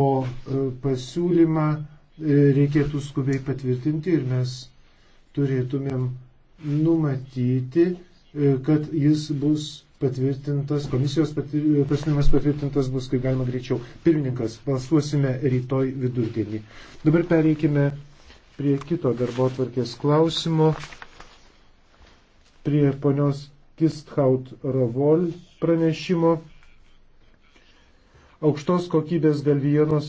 o e, pasiūlymą e, reikėtų skubiai patvirtinti ir mes turėtumėm numatyti, e, kad jis bus patvirtintas, komisijos patvir, pasiūlymas patvirtintas bus, kai galima greičiau. Pirmininkas, balsuosime rytoj vidurdienį. Dabar pereikime prie kito darbo atvarkės klausimo, prie ponios Kisthaut Rovol pranešimo aukštos kokybės galvijonos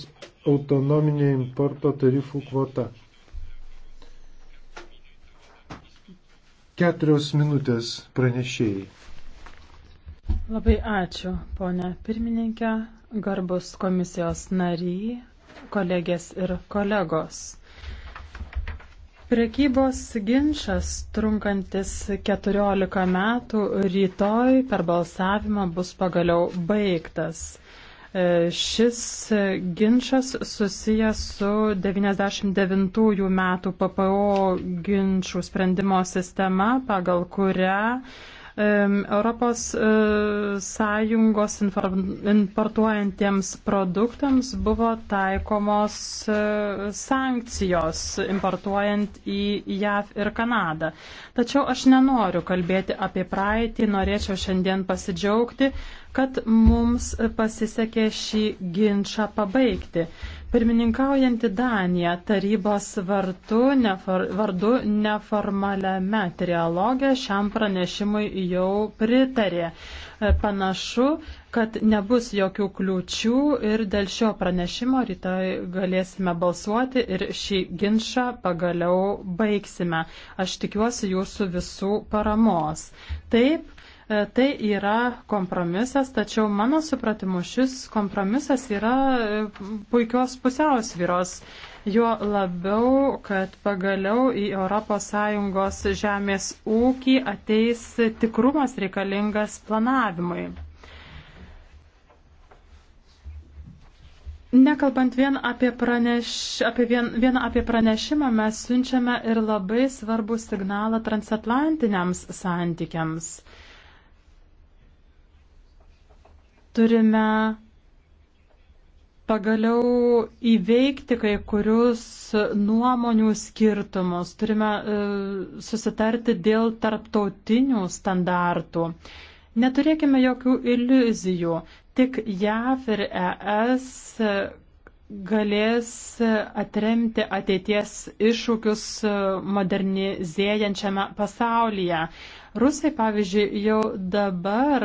autonominė importo tarifų kvota. Keturios minutės pranešėjai. Labai ačiū, ponė pirmininkė, garbus komisijos nariai, kolegės ir kolegos. Prekybos ginčas, trunkantis 14 metų, rytoj per balsavimą bus pagaliau baigtas. E, šis ginčas susijęs su 99 metų PPO ginčių sprendimo sistema, pagal kurią Europos e, Sąjungos importuojantiems produktams buvo taikomos e, sankcijos importuojant į JAV ir Kanadą. Tačiau aš nenoriu kalbėti apie praeitį, norėčiau šiandien pasidžiaugti, kad mums pasisekė šį ginčą pabaigti. Pirmininkaujanti Danija tarybos vardu, nefor, vardu neformaliame trialogė šiam pranešimui jau pritarė. E, panašu, kad nebus jokių kliūčių ir dėl šio pranešimo rytoj galėsime balsuoti ir šį ginčą pagaliau baigsime. Aš tikiuosi jūsų visų paramos. Taip, E, tai yra kompromisas, tačiau mano supratimu šis kompromisas yra e, puikios pusiausvyros. Jo labiau, kad pagaliau į ES žemės ūkį ateis tikrumas reikalingas planavimui. Nekalbant vien apie, praneš, apie, vien, vien apie pranešimą, mes siunčiame ir labai svarbų signalą transatlantiniams santykiams. Uh, Turime pagaliau įveikti kai kurius nuomonių skirtumus. Turime e, susitarti dėl tarptautinių standartų. Neturėkime jokių iliuzijų. Tik JAV ir ES galės atremti ateities iššūkius modernizėjančiame pasaulyje. Rusai, pavyzdžiui, jau dabar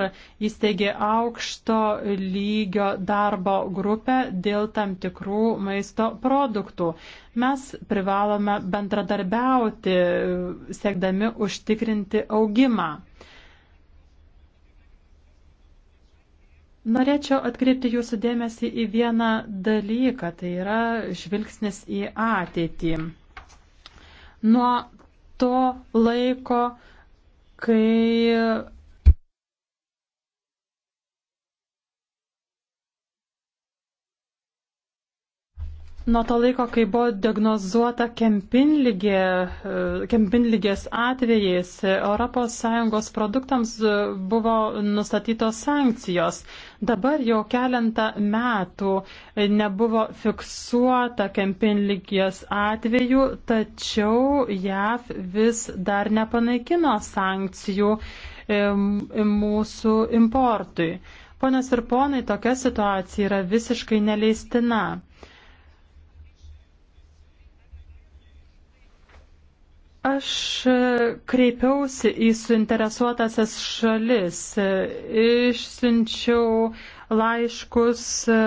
įsteigė aukšto lygio darbo grupę dėl tam tikrų maisto produktų. Mes privalome bendradarbiauti, siekdami užtikrinti augimą. Norėčiau atkreipti jūsų dėmesį į vieną dalyką, tai yra žvilgsnis į ateitį. Nuo to laiko, kai Nuo to laiko, kai buvo diagnozuota kempinligė, e, kempinligės atvejais, ES produktams buvo nustatytos sankcijos. Dabar jau keletą metų nebuvo fiksuota kempinligės atvejų, tačiau JAV vis dar nepanaikino sankcijų e, e, mūsų importui. Ponios ir ponai, tokia situacija yra visiškai neleistina. Aš e, kreipiausi į suinteresuotasias šalis, e, išsiunčiau laiškus e,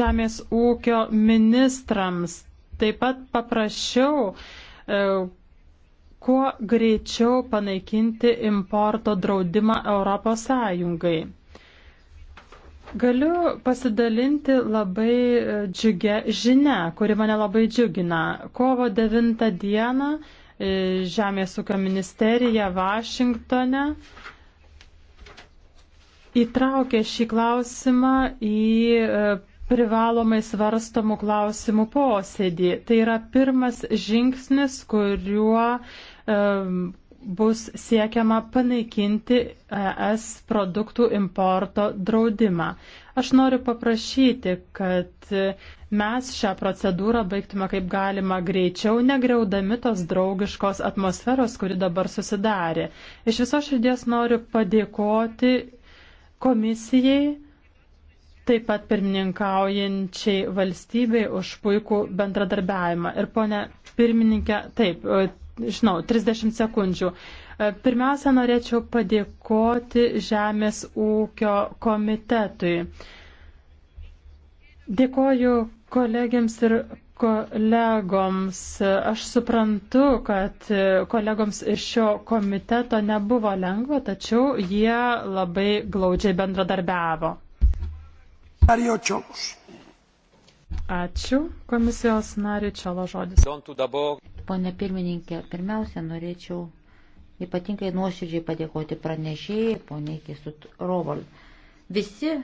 žemės ūkio ministrams, taip pat paprašiau kuo greičiau panaikinti importo draudimą Europos Sąjungai. Galiu pasidalinti labai džiugę žinę, kuri mane labai džiugina. Kovo 9 dieną E, Žemės ūkio ministerija Vašingtone įtraukė šį klausimą į e, privalomai svarstomų klausimų posėdį. Tai yra pirmas žingsnis, kuriuo e, bus siekiama panaikinti ES produktų importo draudimą. Aš noriu paprašyti, kad mes šią procedūrą baigtume kaip galima greičiau, negreudami tos draugiškos atmosferos, kuri dabar susidarė. Iš viso širdies noriu padėkoti komisijai, taip pat pirmininkaujančiai valstybei už puikų bendradarbiavimą. Ir ponia pirmininkė, taip, žinau, 30 sekundžių. E, pirmiausia, norėčiau padėkoti Žemės ūkio komitetui. Dėkoju kolegiams ir kolegoms. Aš suprantu, kad kolegoms iš šio komiteto nebuvo lengva, tačiau jie labai glaudžiai bendradarbiavo. Ačiū. Komisijos nariu Čelo žodis. Pone pirmininkė, pirmiausia, norėčiau ypatingai nuoširdžiai padėkoti pranešėjai, poniai Kisut Rovol. Visi,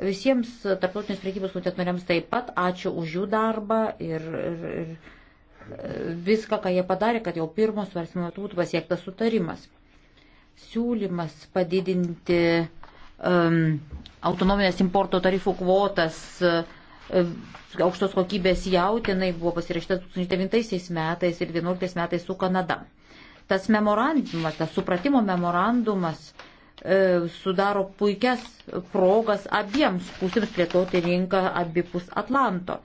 visiems tarptautinės priekybos komiteto nariams taip pat ačiū už jų darbą ir, ir, ir e, viską, ką jie padarė, kad jau pirmo svarstymo metu būtų pasiektas sutarimas. Siūlymas padidinti um, autonominės importo tarifų kvotas um, aukštos kokybės jautinai buvo pasirašytas 2009 metais ir 2011 metais su Kanada. Tas memorandumas, tas supratimo memorandumas e, sudaro puikias progas abiems pusėms plėtoti rinką abipus Atlanto.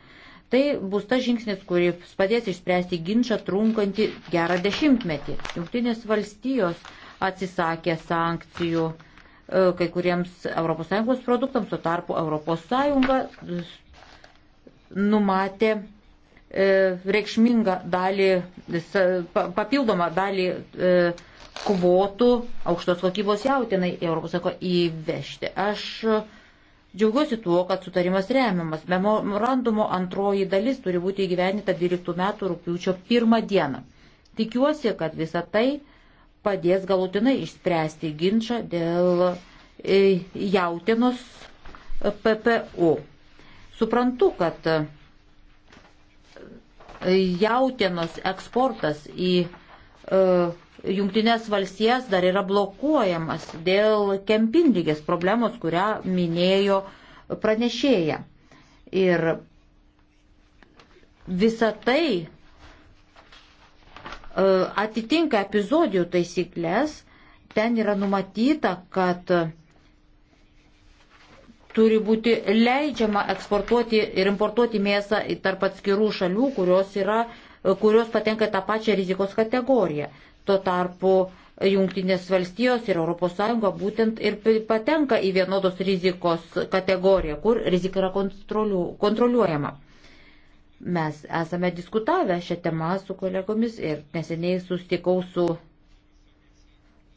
Tai bus tas žingsnis, kuris padės išspręsti ginčą trunkantį gerą dešimtmetį. Junktinės valstijos atsisakė sankcijų e, kai kuriems ES produktams, tuo tarpu ES numatė E, reikšmingą dalį, papildomą dalį e, kvotų aukštos kokybos jautinai Europos sako įvežti. Aš džiaugiuosi tuo, kad sutarimas remiamas. Memorandumo antroji dalis turi būti įgyvenita 12 metų rūpiučio pirmą dieną. Tikiuosi, kad visa tai padės galutinai išspręsti ginčą dėl e, jautinos PPU. Suprantu, kad jautienos eksportas į uh, e, Junktinės valstijas dar yra blokuojamas dėl kempindygės problemos, kurią minėjo pranešėja. Ir visa tai uh, atitinka epizodijų taisyklės, ten yra numatyta, kad uh, turi būti leidžiama eksportuoti ir importuoti mėsą tarp atskirų šalių, kurios, yra, kurios patenka tą pačią rizikos kategoriją. Tuo tarpu Junktinės valstijos ir ES būtent ir patenka į vienodos rizikos kategoriją, kur rizika yra kontroliu, kontroliuojama. Mes esame diskutavę šią temą su kolegomis ir neseniai sustikau su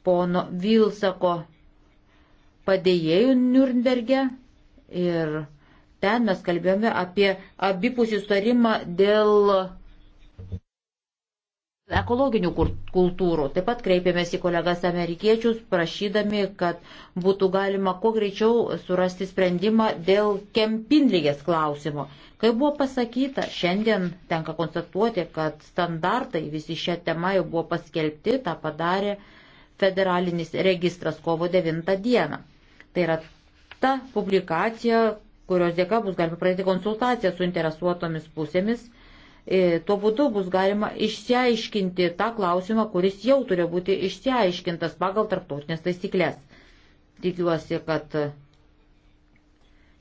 pono Vilsako padėjėjų Nürnberge Ir ten mes kalbėjome apie abipusį sutarimą dėl ekologinių kultūrų. Taip pat kreipėmės į kolegas amerikiečius, prašydami, kad būtų galima kuo greičiau surasti sprendimą dėl kempinlygės klausimo. Kai buvo pasakyta, šiandien tenka konstatuoti, kad standartai visi šią temą jau buvo paskelbti, tą padarė federalinis registras kovo 9 dieną. Tai yra ta publikacija, kurios dėka bus galima pradėti konsultaciją su interesuotomis pusėmis. E, tuo būdu bus galima išsiaiškinti tą klausimą, kuris jau turi būti išsiaiškintas pagal tarptautinės taisyklės. Tikiuosi, kad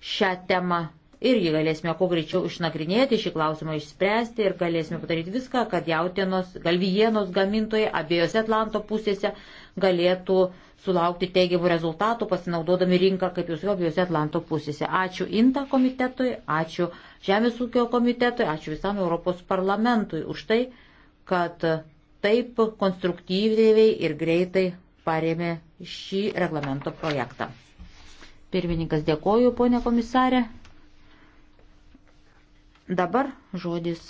šią temą irgi galėsime kuo greičiau išnagrinėti, šį klausimą išspręsti ir galėsime padaryti viską, kad jautienos, galvijienos gamintojai abiejose Atlanto pusėse galėtų sulaukti teigiamų rezultatų, pasinaudodami rinką, kaip jūs jau abiejose Atlanto pusėse. Ačiū INTA komitetui, ačiū Žemės ūkio komitetui, ačiū visam Europos parlamentui už tai, kad taip konstruktyviai ir greitai parėmė šį reglamento projektą. Pirmininkas dėkoju, ponė komisarė. Dabar žodis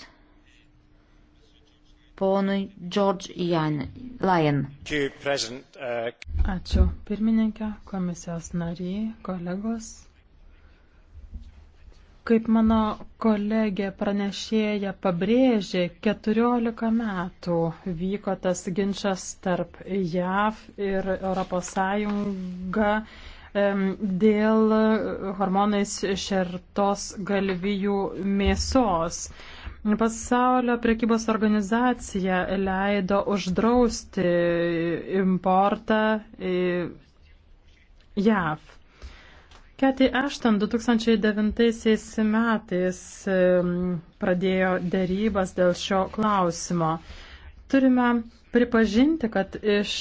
ponui George Jan, Lyon. Uh, Ačiū pirmininkė, komisijos nariai, kolegos. Kaip mano kolegė pranešėja pabrėžė, 14 metų vyko tas ginčas tarp JAV ir ES dėl hormonais šertos galvijų mėsos. Pasaulio prekybos organizacija leido uždrausti importą JAV. Keti Ashton 2009 metais pradėjo dėrybas dėl šio klausimo. Turime pripažinti, kad iš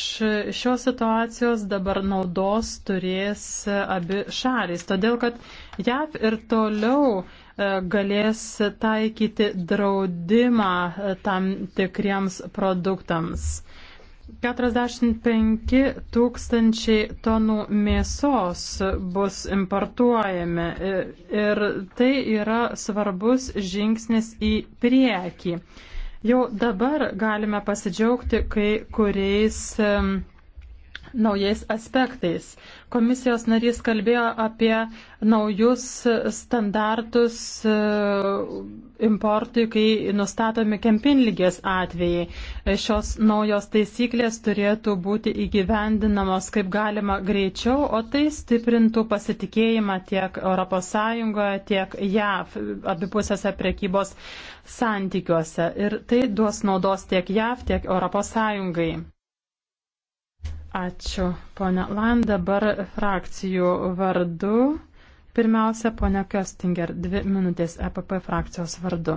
šios situacijos dabar naudos turės abi šalys, todėl kad JAV ir toliau E, galės taikyti draudimą e, tam tikriems produktams. 45 tūkstančiai tonų mėsos bus importuojami e, ir tai yra svarbus žingsnis į priekį. Jau dabar galime pasidžiaugti kai kuriais naujais aspektais. Komisijos narys kalbėjo apie naujus standartus e, importui, kai nustatomi kempinlygės atvejai. E, šios naujos taisyklės turėtų būti įgyvendinamos kaip galima greičiau, o tai stiprintų pasitikėjimą tiek ES, tiek JAV abipusėse prekybos santykiuose. Ir tai duos naudos tiek JAV, tiek ES. Ačiū, ponia Lan. Dabar frakcijų vardu. Pirmiausia, ponia Köstinger, dvi minutės EPP frakcijos vardu.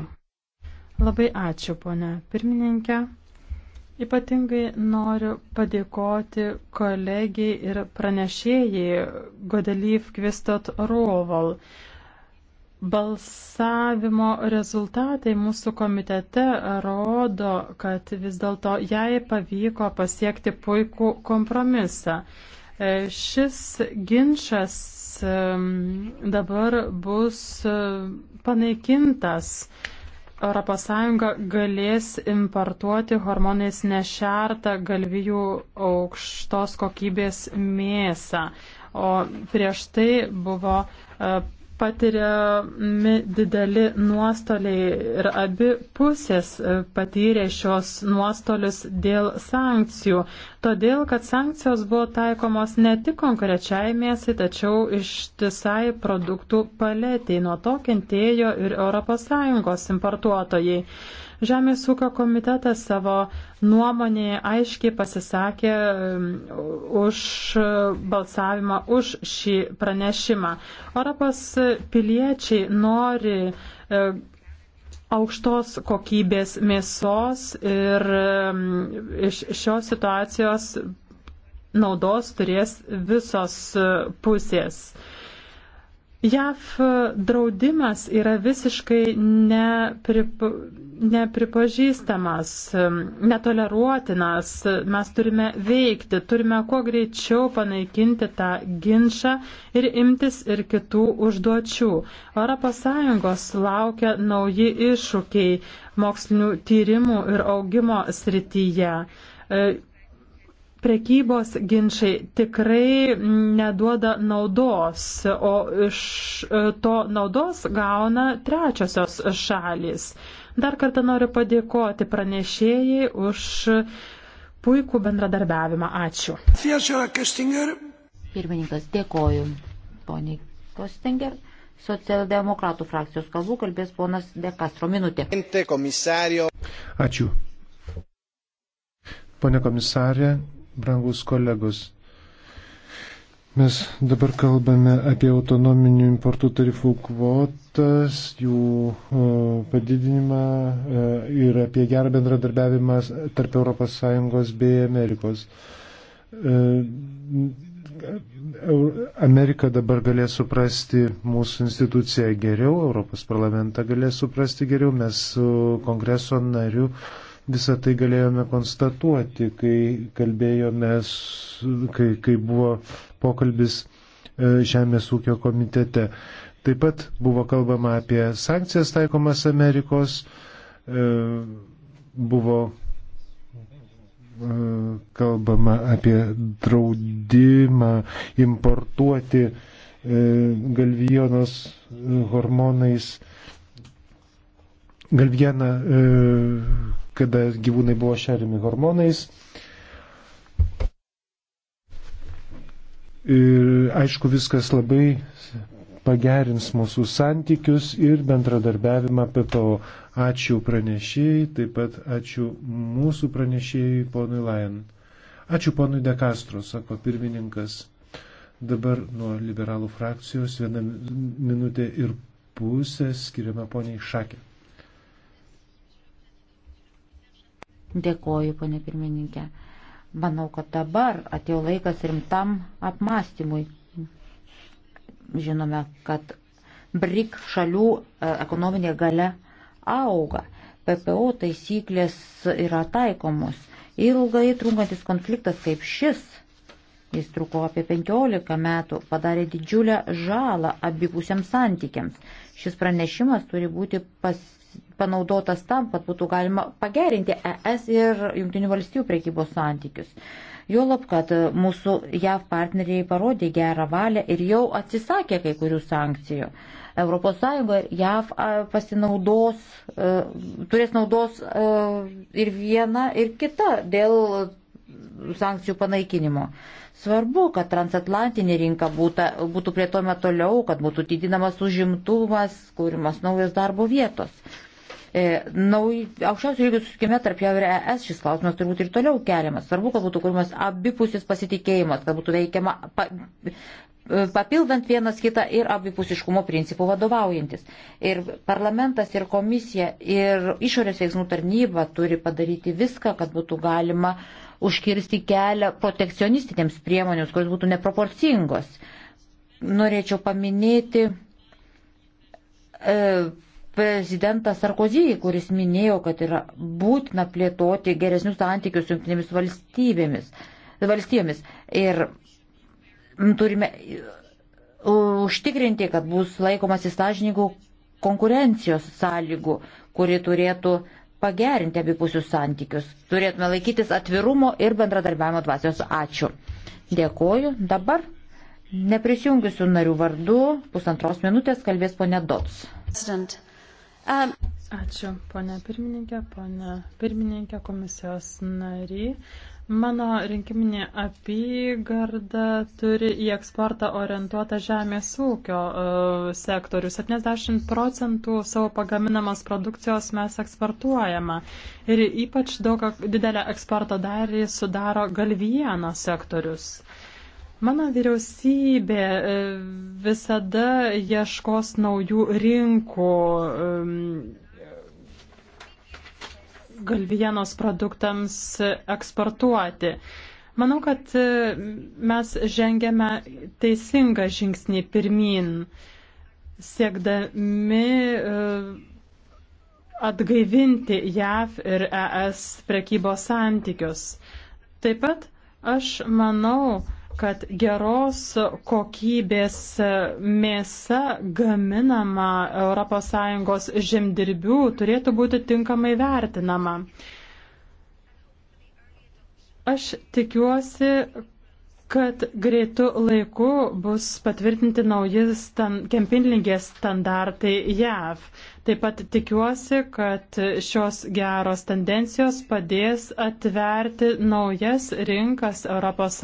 Labai ačiū, ponia pirmininkė. Ypatingai noriu padėkoti kolegijai ir pranešėjai Godelyv Kvistot Rovol Balsavimo rezultatai mūsų komitete rodo, kad vis dėlto jai pavyko pasiekti puikų kompromisą. E, šis ginčas dabar bus e, panaikintas. ES galės importuoti hormonais nešertą galvijų aukštos kokybės mėsą, o prieš tai buvo e, patiriami dideli nuostoliai ir abi pusės e, patyrė šios nuostolius dėl sankcijų, todėl kad sankcijos buvo taikomos ne tik konkrečiai mėsai, tačiau ištisai produktų paletiai. Nuo to kentėjo ir ES importuotojai. Žemės ūkio komitetas savo nuomonėje aiškiai pasisakė um, už balsavimą už šį pranešimą. Europos piliečiai nori um, aukštos kokybės mėsos ir um, iš šios situacijos naudos turės visos pusės. JAV draudimas yra visiškai nepripa nepripažįstamas, netoleruotinas. Mes turime veikti, turime kuo greičiau panaikinti tą ginčą ir imtis ir kitų užduočių. ES laukia nauji iššūkiai mokslinių tyrimų ir augimo srityje. E, prekybos ginčiai tikrai neduoda naudos, o iš e, to naudos gauna trečiosios šalis. Dar kartą noriu padėkoti pranešėjai už puikų bendradarbiavimą. Ačiū. Pirmininkas, dėkoju, poniai Kostinger. Socialdemokratų frakcijos kalbų kalbės ponas De Castro minutė. Ačiū. Pone komisarė, brangus kolegos, Mes dabar kalbame apie autonominių importų tarifų kvotas, jų e, padidinimą e, ir apie gerą bendradarbiavimą tarp ES bei Amerikos. E, Amerika dabar galės suprasti mūsų instituciją geriau, Europos parlamentą galės suprasti geriau, mes su kongreso nariu uh, Visą tai galėjome konstatuoti, kai kalbėjome, kai, kai buvo pokalbis e, Žemės ūkio komitete. Taip pat buvo kalbama apie sankcijas taikomas Amerikos, e, buvo e, kalbama apie draudimą importuoti galvijonos hormonais gal vieną, kada gyvūnai buvo šeriami hormonais. Ir aišku, viskas labai pagerins mūsų santykius ir bendradarbiavimą PPO. Ačiū pranešėjai, taip pat ačiū mūsų pranešėjai ponui Lajan. Ačiū ponui De Castro, sako pirmininkas. Dabar nuo liberalų frakcijos viena minutė ir pusė skiriama poniai Šakė. Dėkoju, ponė pirmininkė. Manau, kad dabar atėjo laikas rimtam apmąstymui. Žinome, kad BRIC šalių e, ekonominė gale auga. PPO taisyklės yra taikomos. Ilgai trunkantis konfliktas kaip šis, jis truko apie 15 metų, padarė didžiulę žalą abipusiams santykiams. Šis pranešimas turi būti pas, panaudotas tam, kad būtų galima pagerinti ES ir Junktinių valstybių priekybos santykius. Juolab, kad mūsų JAV partneriai parodė gerą valią ir jau atsisakė kai kurių sankcijų. ES ir JAV pasinaudos, e, turės naudos e, ir viena, ir kita dėl sankcijų panaikinimo. Svarbu, kad transatlantinė rinka būtų, būtų plėtojama toliau, kad būtų didinamas užimtumas, kūrimas naujos darbo vietos. E, nauj, aukščiausių lygių susikime tarp jau ir ES šis klausimas turbūt ir toliau keliamas. Svarbu, kad būtų kūrimas abipusis pasitikėjimas, kad būtų veikiama pa, e, papildant vienas kitą ir abipusiškumo principų vadovaujantis. Ir parlamentas, ir komisija, ir išorės veiksmų tarnyba turi padaryti viską, kad būtų galima užkirsti kelią protekcionistinėms priemonėms, kurios būtų neproporcingos. Norėčiau paminėti e, prezidentą Sarkozy, kuris minėjo, kad yra būtina plėtoti geresnius santykius su jungtinėmis valstybėmis. valstybėmis. Ir turime e, užtikrinti, kad bus laikomas įstažininkų konkurencijos sąlygų, kuri turėtų pagerinti abipusius santykius. Turėtume laikytis atvirumo ir bendradarbiavimo dvasios. Ačiū. Dėkoju. Dabar neprisijungusių narių vardu pusantros minutės kalbės ponė Dots. Um, Ačiū, ponė pirmininkė, ponė pirmininkė, komisijos nariai. Mano rinkiminė apygarda turi į eksportą orientuotą žemės ūkio e, sektorių. 70 procentų savo pagaminamos produkcijos mes eksportuojame. Ir ypač daug didelę eksporto dalį sudaro galvijeno sektorius. Mano vyriausybė e, visada ieškos naujų rinkų e, galvienos produktams eksportuoti. Manau, kad e, mes žengėme teisingą žingsnį pirmin, siekdami e, atgaivinti JAV ir ES prekybos santykius. Taip pat aš manau, kad geros kokybės mėsa gaminama ES žemdirbių turėtų būti tinkamai vertinama. Aš tikiuosi, kad greitų laikų bus patvirtinti nauji stand, kempinlingės standartai JAV. Taip pat tikiuosi, kad šios geros tendencijos padės atverti naujas rinkas ES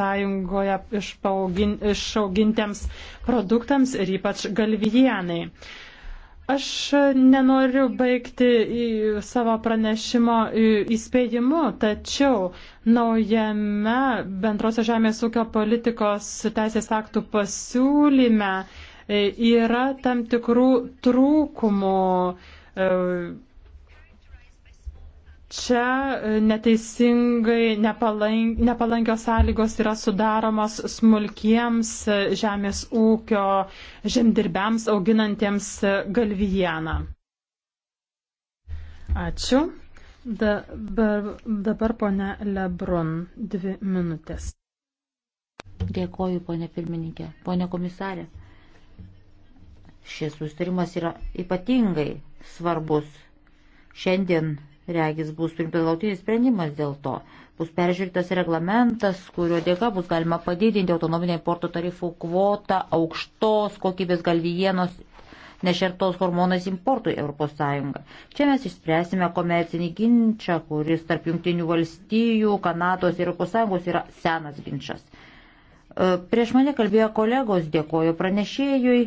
išaugintiems produktams ir ypač galvijienai. Aš e, nenoriu baigti savo pranešimo įspėjimu, tačiau naujame bendrosios žemės ūkio politikos teisės aktų pasiūlyme e, yra tam tikrų trūkumų e, Čia e, neteisingai nepalank, nepalankios sąlygos yra sudaromos smulkiems e, žemės ūkio žemdirbiams auginantiems e, galvijeną. Ačiū. Dabar, dabar ponia Lebrun, dvi minutės. Dėkoju, ponia pirmininkė. Ponia komisarė, šis sustarimas yra ypatingai svarbus. Šiandien Regis bus priimtas gautinis sprendimas dėl to. Bus peržiūrėtas reglamentas, kurio dėka bus galima padidinti autonominio importo tarifų kvotą aukštos kokybės galvijienos nešertos hormonais importui ES. Čia mes išspręsime komercinį ginčą, kuris tarp Junktinių valstijų, Kanados ir ES yra senas ginčas. E, prieš mane kalbėjo kolegos, dėkoju pranešėjui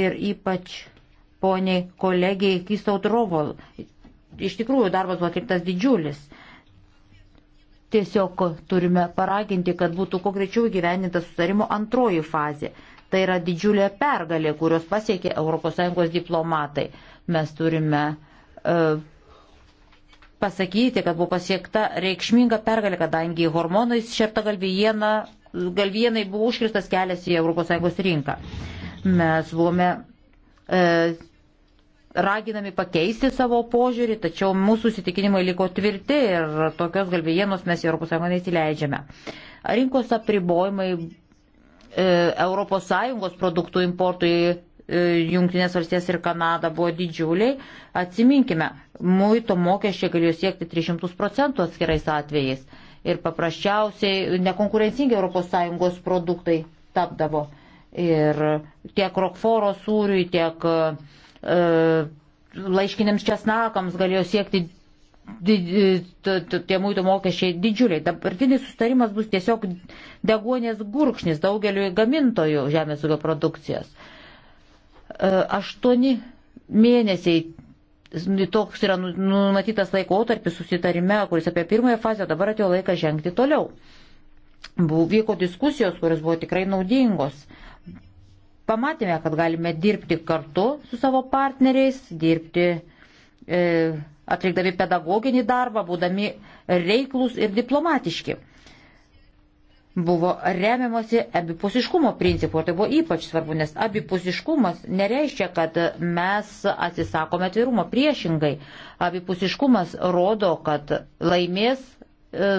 ir ypač poniai kolegijai Kistautrovol iš tikrųjų darbas buvo atliktas didžiulis. Tiesiog turime paraginti, kad būtų konkrečiau įgyvendinta sustarimo antroji fazė. Tai yra didžiulė pergalė, kurios pasiekė ES diplomatai. Mes turime uh, pasakyti, kad buvo pasiekta reikšminga pergalė, kadangi hormonais šerta galvijena, galvijenai buvo užkristas kelias į ES rinką. Mes buvome uh, raginami pakeisti savo požiūrį, tačiau mūsų įsitikinimai liko tvirti ir tokios galvijienos mes į ES neįsileidžiame. Rinkos apribojimai ES produktų importui e, Junktinės valstijas ir Kanada buvo didžiuliai. Atsiminkime, muito mokesčiai galėjo siekti 300 procentų atskirais atvejais ir paprasčiausiai nekonkurencingi ES produktai tapdavo. Ir tiek rokforo sūriui, tiek uh, E, laiškiniams česnakams galėjo siekti tie mūtų mokesčiai didžiuliai. Dabartinis sustarimas bus tiesiog deguonės gurkšnis daugeliu gamintojų žemės ūkio produkcijos. E, aštuoni mėnesiai toks yra nu, numatytas laikotarpis susitarime, kuris apie pirmąją fazę, dabar atėjo laikas žengti toliau. Buvo, vyko diskusijos, kurios buvo tikrai naudingos. Uh, Pamatėme, kad galime dirbti kartu su savo partneriais, dirbti e, atlikdami pedagoginį darbą, būdami reiklus ir diplomatiški. Buvo remiamasi abipusiškumo principu, tai buvo ypač svarbu, nes abipusiškumas nereiškia, kad mes atsisakome atvirumo priešingai. Abipusiškumas rodo, kad laimės e,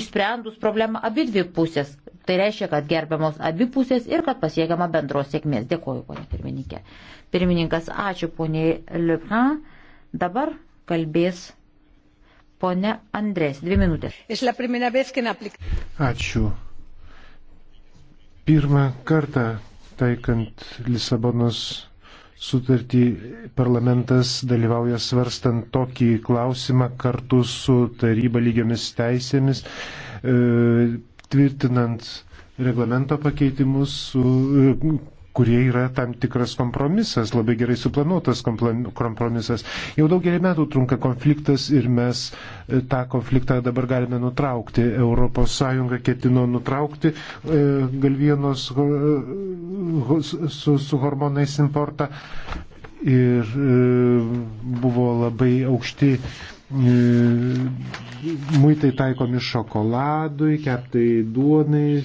išsprendus problemą abi dvi pusės. Tai reiškia, kad gerbiamos abipusės ir kad pasiekiama bendros sėkmės. Dėkoju, ponė pirmininkė. Pirmininkas, ačiū ponė Liupin. Dabar kalbės ponė Andrės. Dvi minutės. Ačiū. Pirmą kartą taikant Lisabonos sutartį parlamentas dalyvauja svarstant tokį klausimą kartu su taryba lygiomis teisėmis. E, tvirtinant reglamento pakeitimus, su, kurie yra tam tikras kompromisas, labai gerai suplanuotas kompromisas. Jau daugelį metų trunka konfliktas ir mes e, tą konfliktą dabar galime nutraukti. ES ketino nutraukti e, galvienos e, su, su hormonais importą ir buvo labai aukšti E, muitai taikomi šokoladui, keptai duonai,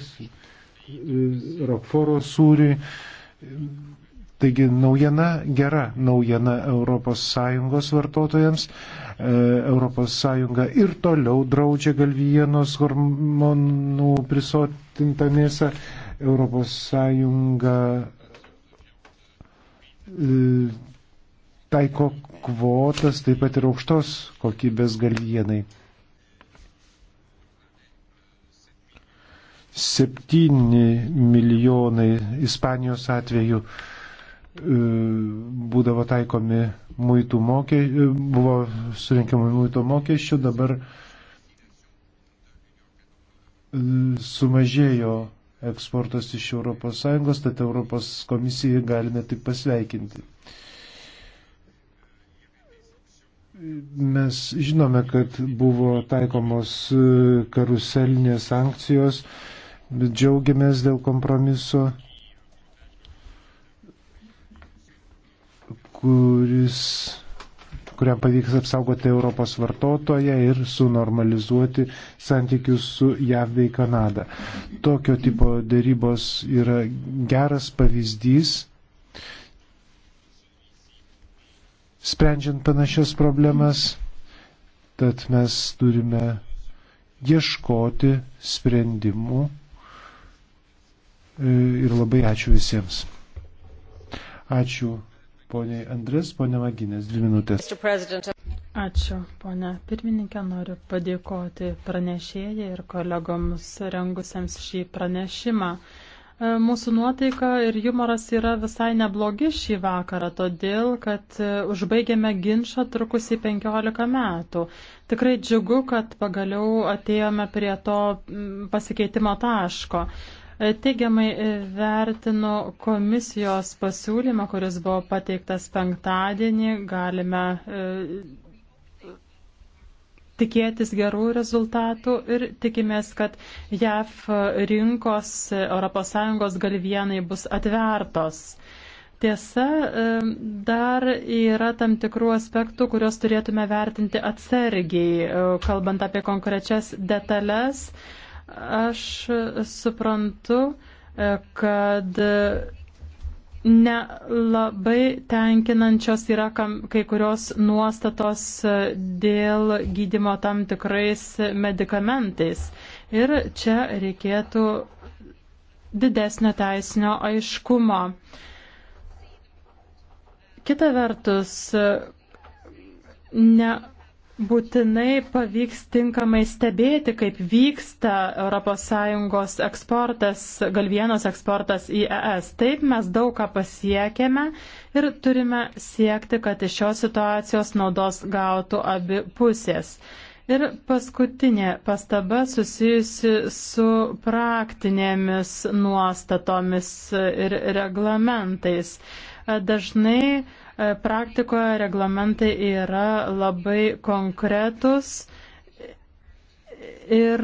e, rokforo sūriui. Taigi naujiena gera naujiena ES vartotojams. ES ir toliau draudžia galvijienos hormonų prisotintą mėsą. ES taiko kvotas taip pat ir aukštos kokybės galienai. Septyni milijonai Ispanijos atveju e, būdavo taikomi muitų mokesčių, buvo surinkimai muitų mokesčių, dabar e, sumažėjo eksportas iš ES, tad ES komisiją galime tik pasveikinti. Mes žinome, kad buvo taikomos e, karuselinės sankcijos, bet džiaugiamės dėl kompromiso, kuris, kuriam pavyks apsaugoti Europos vartotoją ir sunormalizuoti santykius su JAV bei Kanada. Tokio tipo dėrybos yra geras pavyzdys sprendžiant panašias problemas, tad mes turime ieškoti sprendimų e, ir labai ačiū visiems. Ačiū poniai Andres, ponia Maginės, dvi minutės. Ačiū, ponia pirmininkė, noriu padėkoti pranešėjai ir kolegoms rengusiems šį pranešimą. E, mūsų nuotaika ir humoras yra visai neblogi šį vakarą, todėl, kad e, užbaigėme ginčą trukusį 15 metų. Tikrai džiugu, kad pagaliau atėjome prie to pasikeitimo taško. E, teigiamai vertinu komisijos pasiūlymą, kuris buvo pateiktas penktadienį. Galime tikėtis gerų rezultatų ir tikimės, kad JAF rinkos ES galvienai bus atvertos. Tiesa, e, dar yra tam tikrų aspektų, kuriuos turėtume vertinti atsargiai, e, kalbant apie konkrečias detalės. Aš suprantu, e, kad Nelabai tenkinančios yra kai kurios nuostatos e, dėl gydimo tam tikrais medikamentais. Ir čia reikėtų didesnio teisinio aiškumo. Kita vertus, ne būtinai pavyks tinkamai stebėti, kaip vyksta ES eksportas, galvienos eksportas į ES. Taip mes daug ką pasiekėme ir turime siekti, kad iš šios situacijos naudos gautų abi pusės. Ir paskutinė pastaba susijusi su praktinėmis nuostatomis ir reglamentais. Dažnai uh, E, praktikoje reglamentai yra labai konkretus ir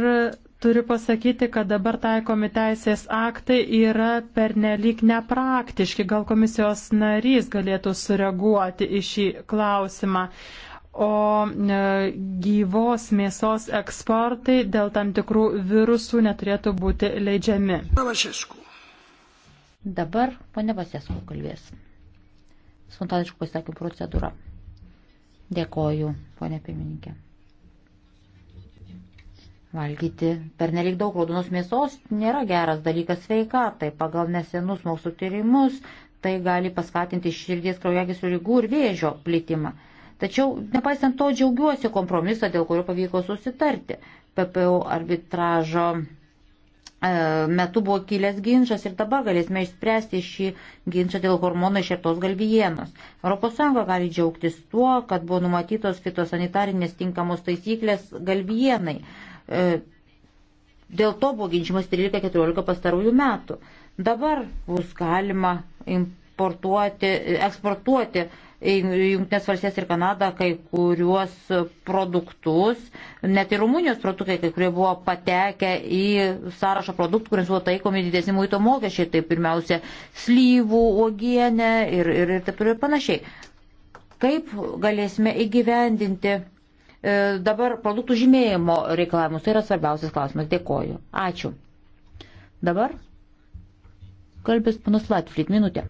turiu pasakyti, kad dabar taikomi teisės aktai yra pernelyg nepraktiški. Gal komisijos narys galėtų sureaguoti į šį klausimą. O e, gyvos mėsos eksportai dėl tam tikrų virusų neturėtų būti leidžiami. Dabar ponia Vasesku kalbės spontaniškų pasisakymų procedūra. Dėkoju, ponė pirmininkė. Valgyti per nelik daug raudonos mėsos nėra geras dalykas sveikatai. Pagal nesenus mokslo tyrimus tai gali paskatinti širdies kraujagyslių lygų ir vėžio plitimą. Tačiau, nepaisant to, džiaugiuosi kompromisą, dėl kurio pavyko susitarti. PPO arbitražo E, metu buvo kilęs ginčas ir dabar galėsime išspręsti šį ginčą dėl hormono išėtos galvijienos. ES gali džiaugtis tuo, kad buvo numatytos fitosanitarinės tinkamos taisyklės galvijienai. E, dėl to buvo ginčiamas 13-14 pastarųjų metų. Dabar bus galima importuoti, eksportuoti Junktinės valstijas ir Kanadą kai kuriuos produktus, net ir Rumunijos produktai, kai kurie buvo patekę į sąrašą produktų, kuriems buvo taikomi didesni muito mokesčiai, tai pirmiausia slyvų, uogienė ir, ir, ir taip toliau ir panašiai. Kaip galėsime įgyvendinti e, dabar produktų žymėjimo reikalavimus? Tai yra svarbiausias klausimas. Dėkoju. Ačiū. Dabar kalbės panas Latfrid minutė.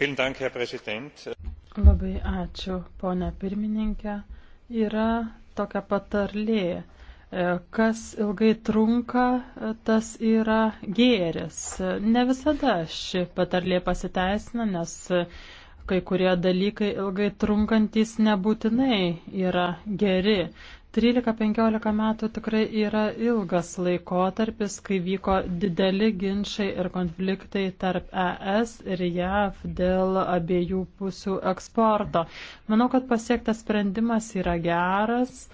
Labai ačiū, ponia pirmininkė. Yra tokia patarlė, e, kas ilgai trunka, e, tas yra gėris. Ne visada ši patarlė pasiteisina, nes e, kai kurie dalykai ilgai trunkantis nebūtinai yra geri. 13-15 metų tikrai yra ilgas laikotarpis, kai vyko dideli ginčiai ir konfliktai tarp ES ir JAV dėl abiejų pusių eksporto. Manau, kad pasiektas sprendimas yra geras.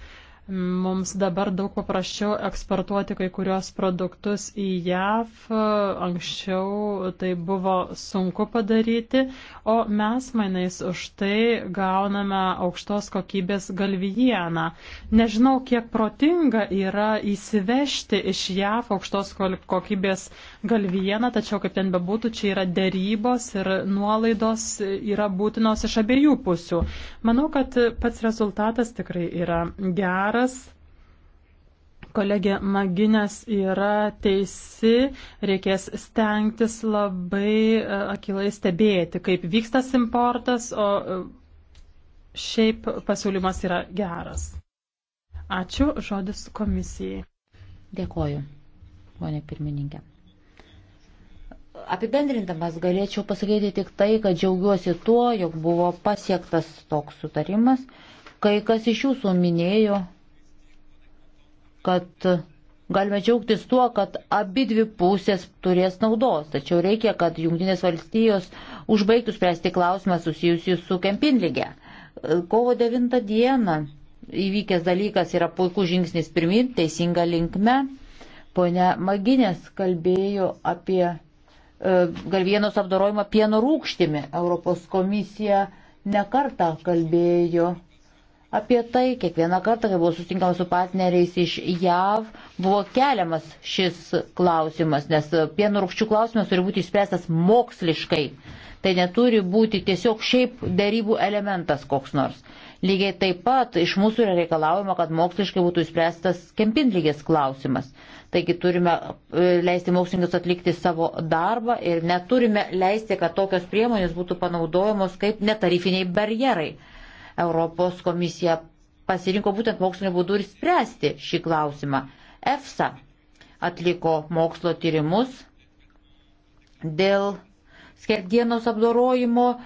Mums dabar daug paprasčiau eksportuoti kai kurios produktus į JAV, anksčiau tai buvo sunku padaryti, o mes mainais už tai gauname aukštos kokybės galvijieną. Nežinau, kiek protinga yra įsivežti iš JAV aukštos kokybės galvijieną, tačiau kaip ten bebūtų, čia yra dėrybos ir nuolaidos yra būtinos iš abiejų pusių. Manau, kad pats rezultatas tikrai yra geras geras. Kolegė Maginės yra teisi, reikės stengtis labai e, akilai stebėti, kaip vyksta importas, o e, šiaip pasiūlymas yra geras. Ačiū, žodis komisijai. Dėkoju, ponė pirmininkė. Apibendrindamas galėčiau pasakyti tik tai, kad džiaugiuosi tuo, jog buvo pasiektas toks sutarimas. Kai kas iš jūsų minėjo kad galime džiaugtis tuo, kad abi dvi pusės turės naudos, tačiau reikia, kad Junktinės valstijos užbaigtų spręsti klausimą susijusį su kempinlyge. Kovo 9 dieną įvykęs dalykas yra puikus žingsnis pirmin, teisinga linkme. Pone Maginės kalbėjo apie e, galvienos apdorojimą pieno rūkštimi. Europos komisija nekarta kalbėjo apie tai. Kiekvieną kartą, kai buvo susitinkama su partneriais iš JAV, buvo keliamas šis klausimas, nes pieno rūkščių klausimas turi būti išspręstas moksliškai. Tai neturi būti tiesiog šiaip darybų elementas koks nors. Lygiai taip pat iš mūsų yra reikalaujama, kad moksliškai būtų išspręstas kempintlygės klausimas. Taigi turime e, leisti mokslininkus atlikti savo darbą ir neturime leisti, kad tokios priemonės būtų panaudojamos kaip netarifiniai barjerai. Europos komisija pasirinko būtent mokslinio būdų ir spręsti šį klausimą. EFSA atliko mokslo tyrimus dėl skerdienos apdorojimo e,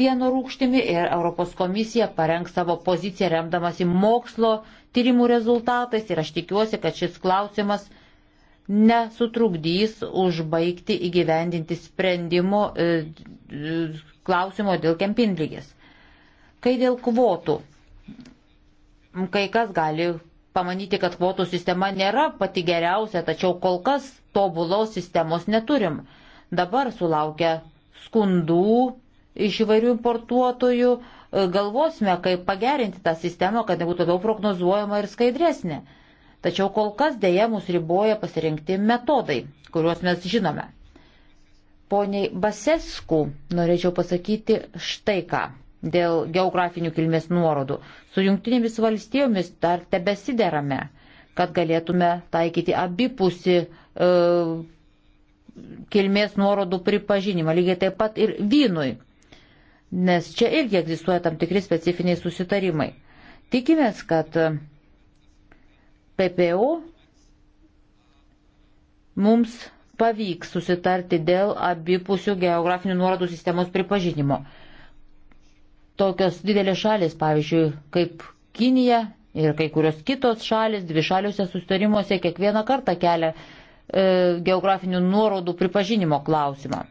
pieno rūkštimi ir Europos komisija parengs savo poziciją remdamasi mokslo tyrimų rezultatais ir aš tikiuosi, kad šis klausimas nesutrukdys užbaigti įgyvendinti sprendimo e, klausimo dėl kempinlygės. Kai dėl kvotų, kai kas gali pamanyti, kad kvotų sistema nėra pati geriausia, tačiau kol kas tobulos sistemos neturim. Dabar sulaukia skundų iš įvairių importuotojų, galvosime, kaip pagerinti tą sistemą, kad nebūtų labiau prognozuojama ir skaidresnė. Tačiau kol kas dėja mus riboja pasirinkti metodai, kuriuos mes žinome. Poniai Basesku norėčiau pasakyti štai ką dėl geografinių kilmės nuorodų. Su jungtinėmis valstijomis dar tebesiderame, kad galėtume taikyti abipusi e, kilmės nuorodų pripažinimą, lygiai taip pat ir vynui, nes čia irgi egzistuoja tam tikri specifiniai susitarimai. Tikimės, kad e, PPO mums pavyks susitarti dėl abipusių geografinių nuorodų sistemos pripažinimo tokios didelės šalis, pavyzdžiui, kaip Kinija ir kai kurios kitos šalis, dvišaliuose sustarimuose kiekvieną kartą kelia e, geografinių nuorodų pripažinimo klausimą.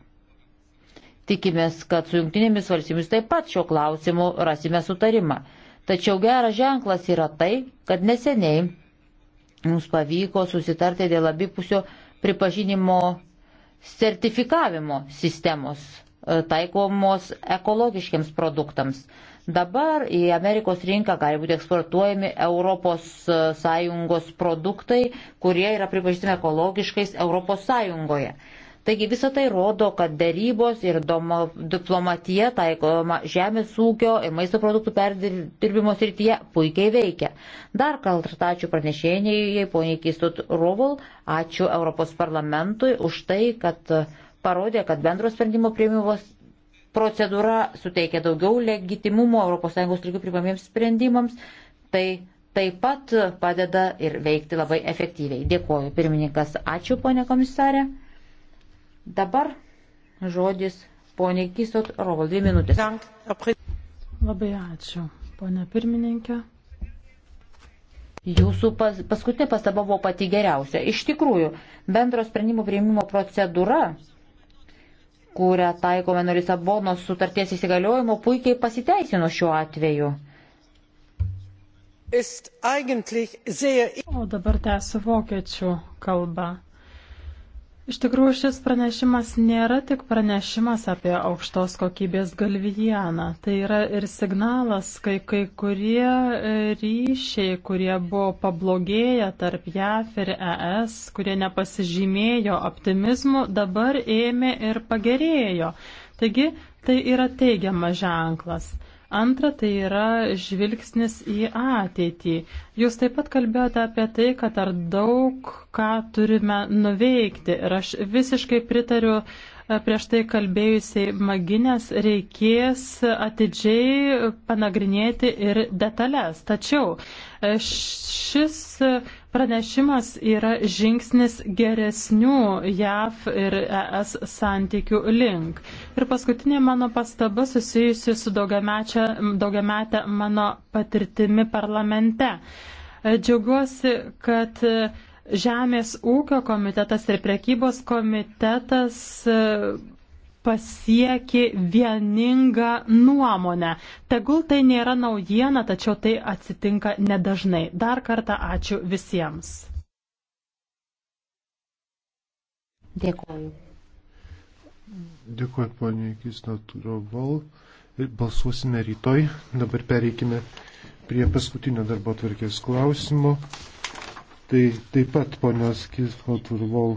Tikimės, kad su jungtinėmis valstybėmis taip pat šio klausimu rasime sutarimą. Tačiau geras ženklas yra tai, kad neseniai mums pavyko susitarti dėl abipusio pripažinimo sertifikavimo sistemos E, taikomos ekologiškiams produktams. Dabar į Amerikos rinką gali būti eksportuojami ES e, produktai, kurie yra pripažįstami ekologiškais ES. Taigi visą tai rodo, kad dėrybos ir diplomatija taikoma žemės ūkio ir maisto produktų perdirbimo srityje puikiai veikia. Dar kartą ačiū pranešėjai, poniai Kistot Rovol, ačiū Europos parlamentui už tai, kad parodė, kad bendro sprendimo prieimimos procedūra suteikia daugiau legitimumo ES lygių priimamiems sprendimams, tai taip pat padeda ir veikti labai efektyviai. Dėkuoju, pirmininkas. Ačiū, ponė komisarė. Dabar žodis ponė Kisot Rovol, dvi minutės. Labai ačiū, ponė pirmininkė. Jūsų pas, paskutinė pastaba buvo pati geriausia. Iš tikrųjų, bendro sprendimų prieimimo procedūra kurią taikome nuo Lisabonos sutarties įsigaliojimo, puikiai pasiteisino šiuo atveju. O dabar tęsiu vokiečių kalbą. Iš tikrųjų, šis pranešimas nėra tik pranešimas apie aukštos kokybės galvijaną. Tai yra ir signalas, kai kai kurie e, ryšiai, kurie buvo pablogėję tarp JAF ir ES, kurie nepasižymėjo optimizmu, dabar ėmė ir pagerėjo. Taigi, tai yra teigiamas ženklas. Antra, tai yra žvilgsnis į ateitį. Jūs taip pat kalbėjote apie tai, kad ar daug ką turime nuveikti. Ir aš visiškai pritariu uh, prieš tai kalbėjusiai maginės reikės atidžiai panagrinėti ir detalės. Tačiau e, šis pranešimas yra žingsnis geresnių JAV ir ES santykių link. Ir paskutinė mano pastaba susijusi su daugiametė mano patirtimi parlamente. E, džiaugiuosi, kad Žemės ūkio komitetas ir prekybos komitetas e, pasiekė vieningą nuomonę. Tegul tai nėra naujiena, tačiau tai atsitinka nedažnai. Dar kartą ačiū visiems. Dėkuoju. Dėkuoju, ponė Kisnaturoval. Balsuosime rytoj. Dabar pereikime prie paskutinio darbo tvarkės klausimo. Tai taip pat ponios Kirchhoff Turvol